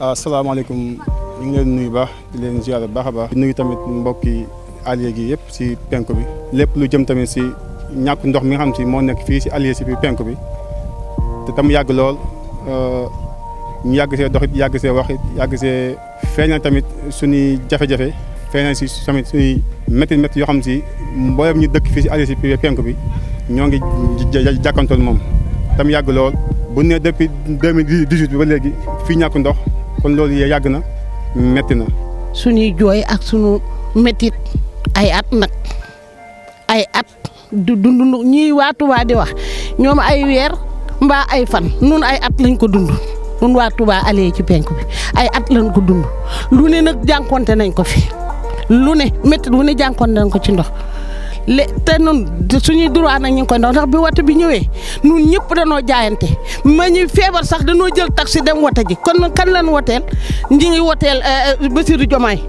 asalaamaaleykum ah, ñu ngi leen nuyu baax di leen ziar bu baax a baax. di nuyu tamit mbokki allié gi yëpp si penku bi. lépp lu jëm tamit si ñàkk ndox mi nga xam si moo nekk fii si allié si biir penku bi te tam yàgg lool euh, ñu yàgg see dox it yàgg see wax it yàgg see feeñal tamit suñuy jafe-jafe feeñal si tamit suñuy métti métti yoo xam si mboyam ñu dëkk fii si allié si biir penku bi ñoo ngi jàkkantoon moom tam yàgg lool. bu ne depuis 2018 bi ba léegi fii ñàkk ndox. kon loolu yàgg na metti na. suñuy jooy ak suñu métit ay at nag ay at du dund ñiy waa Touba di wax ñoom ay weer mbaa ay fan nun ay at lañ ko dund nun waa Touba alee ci penk bi ay at lañ ko dund lu ne nag jànkonte nañ ko fi lu ne métit wu ne jànkonte nañ ko ci ndox. lé te nun suñuy droit nag ñu ngi koy ndax bi wote bi ñëwee nun ñëpp danoo jaayante ma ñuy feebar sax danoo jël taxi dem wote ji kon kan lan woteel ñi ngi woteel eh, eh, Bassirou Diomaye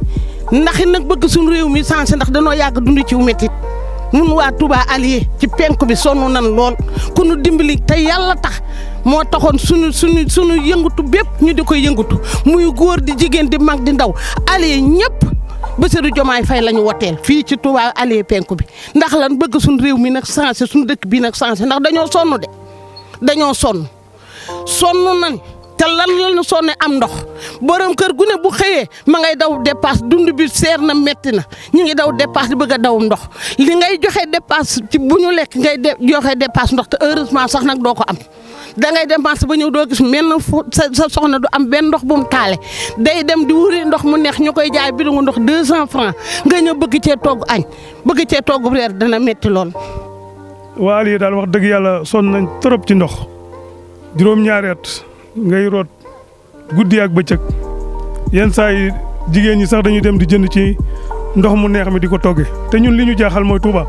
ndax nag bëgg suñu réew mi changé ndax danoo yàgg dund ci metit nun waa Touba allié ci penk bi sonn nan lool ku nu dimbali te yàlla tax moo taxoon suñu suñu suñu yëngatu bépp ñu di koy yëngatu muy góor di jigéen di mag di ndaw allié ñëpp Bassirou Diomaye Faye la ñu woteel fii ci Touba allée penku bi ndax lan bëgg suñ réew mi nag changé suñ dëkk bii nag changé ndax dañoo sonn de dañoo sonn sonn nañ te lan la ñu am ndox borom kër gu ne bu xëyee ma ngay daw dépasse dund bi seer na métti na ñu ngi daw dépasse bëgg a daw ndox li ngay joxee dépasse ci bu ñu lekk ngay joxe dépasse ndox te heureusement sax nag doo ko am. da ngay dem pass ba ñew do gis mel fu sa soxna du am ben ndox bu mu talé day dem di wuri ndox mu neex ñukoy jaay bi lu ndox 200 francs nga ñëw bëgg ci togg añ bëgg ci togg reer dana metti lool. wali dal wax deug yalla son nañ torop ci ndox juroom ñaaret ngay rot guddi ak beccëk yeen say jigeen ñi sax dañu dem di jënd ci ndox mu neex mi diko toggé té ñun liñu jaaxal moy Touba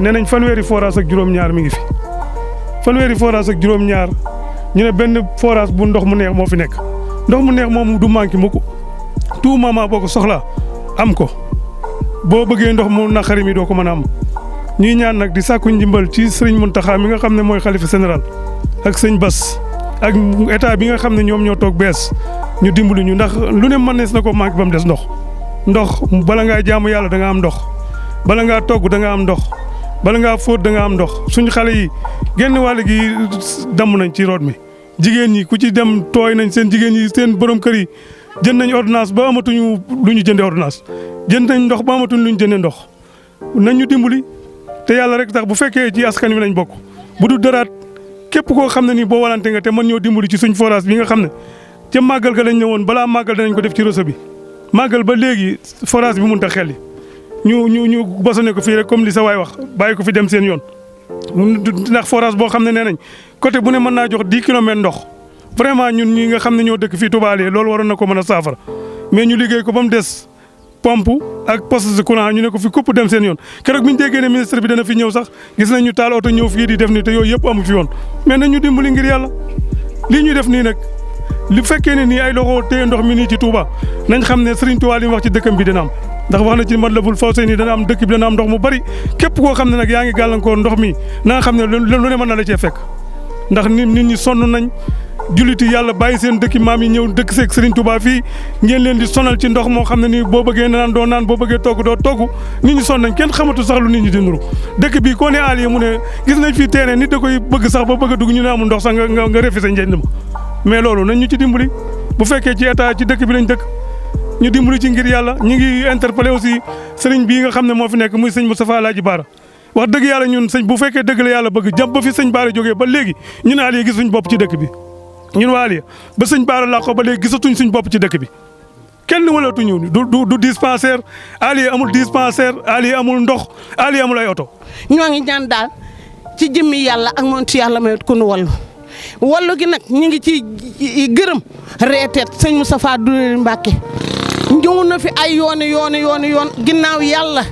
nenañ nañ forage ak juroom ñaar mi ngi fi fanweeri forage ak juróom-ñaar ñu ne benn forage bu ndox mu neex moo fi nekk ndox mu neex moom du manqué mukk tout moment boo ko soxla am ko boo bëggee ndox mu naqari mi doo ko mën a am ñuy ñaan nag di sàkku ndimbal ci sëriñ Muntaxa mi nga xam ne mooy xalifa général ak sëñ Bas ak état bi nga xam ne ñoom ñoo toog bees ñu dimbali ñu ndax lu ne mënees na ko manqué ba mu des ndox ndox bala ngaa jaamu yàlla da nga am ndox bala ngaa togg da nga am ndox bala ngaa fóot da nga am ndox suñu xale yi genn wàll gi damm nañ ci root mi jigéen ñi ku ci dem tooy nañ seen jigéen ñi seen borom kër yi jënd nañu ordonnance ba amatuñu lu ñu jëndee ordonnance jënd nañ ndox ba amatuñ lu ñu ndox nañ ñu dimbali te yàlla rek tax bu fekkee ci askan wi lañ bokk bu du daraat képp koo xam ne nii boo walante nga te man ñëw dimbali ci suñ forage bi nga xam ne ca màggal ga lañ ne woon balaa màggal danañ ko def ci réseau bi màggal ba léegi forage bi mun a xelli ñu ñu ñu bosone ko fii rek comme li sa waay wax bàyyi ko fi dem seen yoon. ndax forage boo xam ne nee nañ côté bu ne mën naa jox dix kilomètres ndox vraiment ñun ñi nga xam ne ñoo dëkk fii Touba Alieu loolu waroon na ko mën a saafara mais ñu liggéey ko ba mu des pompe ak poste de courant ñu ne ko fi kupp dem seen yoon keroog bi ñu déggee ne ministre bi dana fi ñëw sax gis nañ ñu taal oto ñëw fii di def nii te yooyu yëpp amu fi yoon mais nañ ñu dimbali ngir yàlla lii ñuy def nii nag li fekkee ne nii ay loxo téye ndox mi nii ci Touba xam ne Serigne Touba li mu wax ci dëkkam bi dina am. ndax wax na ci Matlabul Fawzayni dana am dëkk bi dana am ndox mu bari képp koo xam ne nag yaa ngi gàllankoor ndox mi na nga xam ne lu na la cee fekk ndax nit nañ jullit yi yàlla bàyyi seen dëkki maam yi ñëw dëkk seeg Serigne Touba fii ngeen leen di sonal ci ndox moo xam ne nii boo bëggee naan doo naan boo bëggee togg doo togg nit ñi kenn xamatu sax lu nit ñi di nuru dëkk bii koo ne aal yi mu ne gis nañ fii terrain nit da koy bëgg sax ba a ñu ne amul loolu nañ ñu ci dimbali bu fekkee ci état ci dëkk bi lañ dëkk ñu dimbali ci ngir yàlla ñu ngi interpellé aussi sëriñ bii nga xam ne moo fi nekk muy sëñ Moustapha Alaaji Baara wax dëgg yàlla ñun sëñ bu fekkee dëgg la yàlla bëgg jàpp ba fi sëñ Baara jógee ba léegi ñu Aliya gis gisuñ bopp ci dëkk bi ñun waa Aliya ba sëñ Baara ko ba léegi gisatuñ suñ bopp ci dëkk bi kenn walatuñu du du du dispensaire Aliya amul dispensaire Aliya amul ndox Aliya amul ay oto. ñoo ngi ñaan daal ci jëmmi yàlla ak ci yàlla may ku nu wallu wallu gi nag ñu ngi ci gërëm reeteet sëñ Moustapha Douré Mbacké ñewuna fi ay yooni yooni yooni yoon ginnaw yalla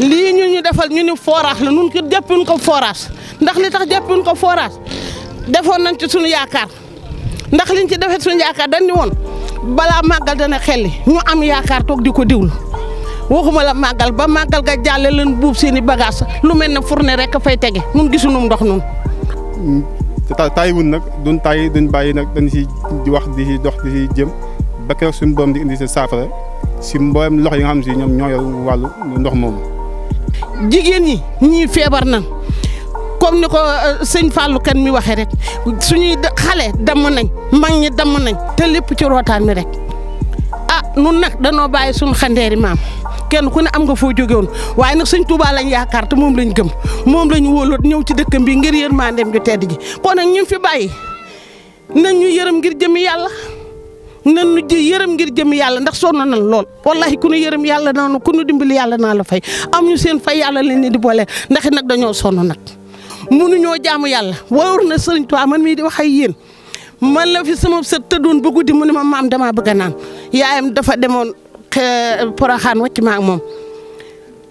li ñu ñu defal ñu ñu forax la nun ko jàppuñ ko forax ndax li tax jàppuñ ko forax defo nañ ci suñu yaakar ndax liñ ci defé suñu yaakar dañ ni won bala magal dana xelli ñu am yaakar tok di diwul waxuma la magal ba magal ga jalle leen buub seeni bagage lu mel fourné rek fay tege nun gisunum ndox nun hmm. tay wun nak, duñ tay duñ bayyi nak dañ si wax di dox di jëm ba keroog suñu borom di indi si saafara si mboolem loxo yi nga xam si ñoom ñoo yor ndox moomu. jigéen ñi ñii feebar na kom ni ko euh, sëñ Fallou kan mi waxee rek suñuy xale damm nañ mag ñi damm nañ te lépp ci rootaan mi rek ah nun nag danoo bàyyi suñu xandeeri maam. kenn ku ne am nga foo jóge waaye nag suñ Touba lañ yaakaar te moom lañ gëm moom lañ wóoloot ñëw ci dëkkam bi ngir yërmandeem ju tedd ji kon nag ñu fi bàyyi nañ ñu yërëm ngir jëmi yàlla. nan nu yërëm ngir jëm yàlla ndax sonn nan lool wallahi ku nu yërëm yàlla naanu ku nu dimbali yàlla naa la fay am ñu seen fay yàlla leen di boole ndax nag dañoo sonn nag. ñoo jaamu yàlla wóor na sëriñ to man mii di wax ak yéen man la fi sama sët tëddoon ba guddi mu ne ma maam damaa bëgg a naan yaayam dafa demoon Porokhane wàcc ma ak moom.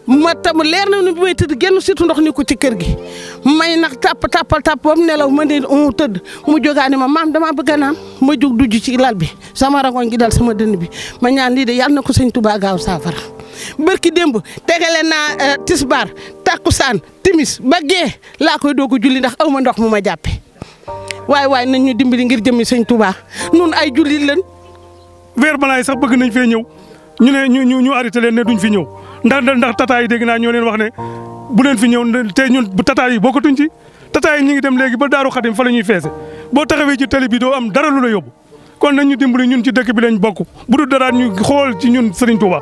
ma mu leer na ni bu may tëdd genn surtout ndox ni ko ci kër gi may nax tàpp tàppal tàpp ba mu nelaw ma ne mu tëdd mu jógaani ma maam damaa bëgg a naan ma jóg dugg ci lal bi sama rangoñ gi dal sama dënn bi ma ñaan lii de yàlla na ko sëñ tubaa gaaw saafara bërki démb tegale naa eh, tisbaar saan timis ba gee laa koy doog a julli ndax aw ma ndox mu ma jàppe waaye waaye nañ ñu dimbali ngir jëm sëñ Tuubaa nun ay jullit lañ. weer balaay sax bëgg nañ fee ñëw ñu ne ñu ñu arrêté leen ne duñ fi ñëw. ndax ndax tata yi dégg naa ñoo leen wax ne bu leen fi ñëw te ñun bu tata yi bokkatuñ ci tata yi ñu ngi dem léegi ba daaru xadim fa la ñuy feese boo taxawee ci tali bi am dara lu la yóbbu kon nañ ñu dimbali ñun ci dëkk bi lañ bokk bu dul dara ñu xool ci ñun Serigne Touba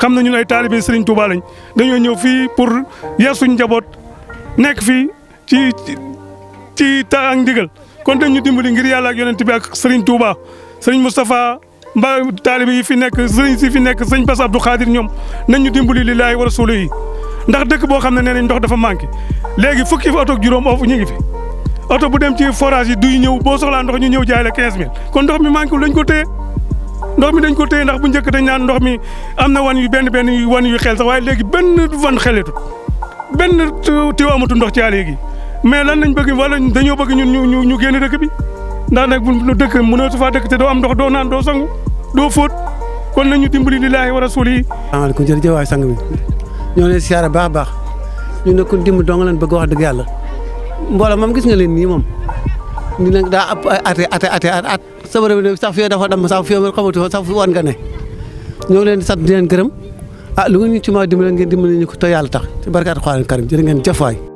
xam na ñun ay taalibe Serigne Touba lañ dañoo ñëw fii pour yar suñ njaboot nekk fii ci ci ta ak ndigal kon dañ ñu dimbali ngir yàlla ak yonent bi ak Serigne Touba Serigne Moustapha mbaa taalibe yi fi nekk si fi nekk sëñ Bass Abdou Khadir ñoom nañ ñu dimbali lillaahi wa rasuuli yi ndax dëkk boo xam ne nee nañ ndox dafa manqué léegi fukki fi oto ak juróom oofu ñu ngi fi oto bu dem ci forage yi duy ñëw boo soxlaa ndox ñu ñëw jaay la 15000 kon ndox mi manqué wul dañ ko téye ndox mi dañ ko téye ndax bu njëkk dañ naan ndox mi am na wan yu benn benn wan yu xel sax waaye léegi benn wan xeletu benn tiwa amatu ndox ci àll gi mais lan lañ bëgg wala dañoo bëgg ñun ñu ñu génn dëkk bi ndax nak bu dëkk mënoo su faa dëkk te do am ndox do nan do sangu do foot kon nañu dimbali lillahi wa rasuli yi. asalaamaaleykum jërëjëf waay sang bi ñoo leen siara baax baax ñu ne ku dimb nga leen bëgg wax deug yalla mbolam moom gis nga len ni mom ni nak da ëpp até até ate at at sabara bi sax fi dafa dam sax mo xamatu sax fi won nga ne ñoo len sat di len gërem ah lu ngeen ci ma dimbal ngeen dimbal ñu ko to yalla tax ci barkat Alxuraan Karim jërë ngeen jëf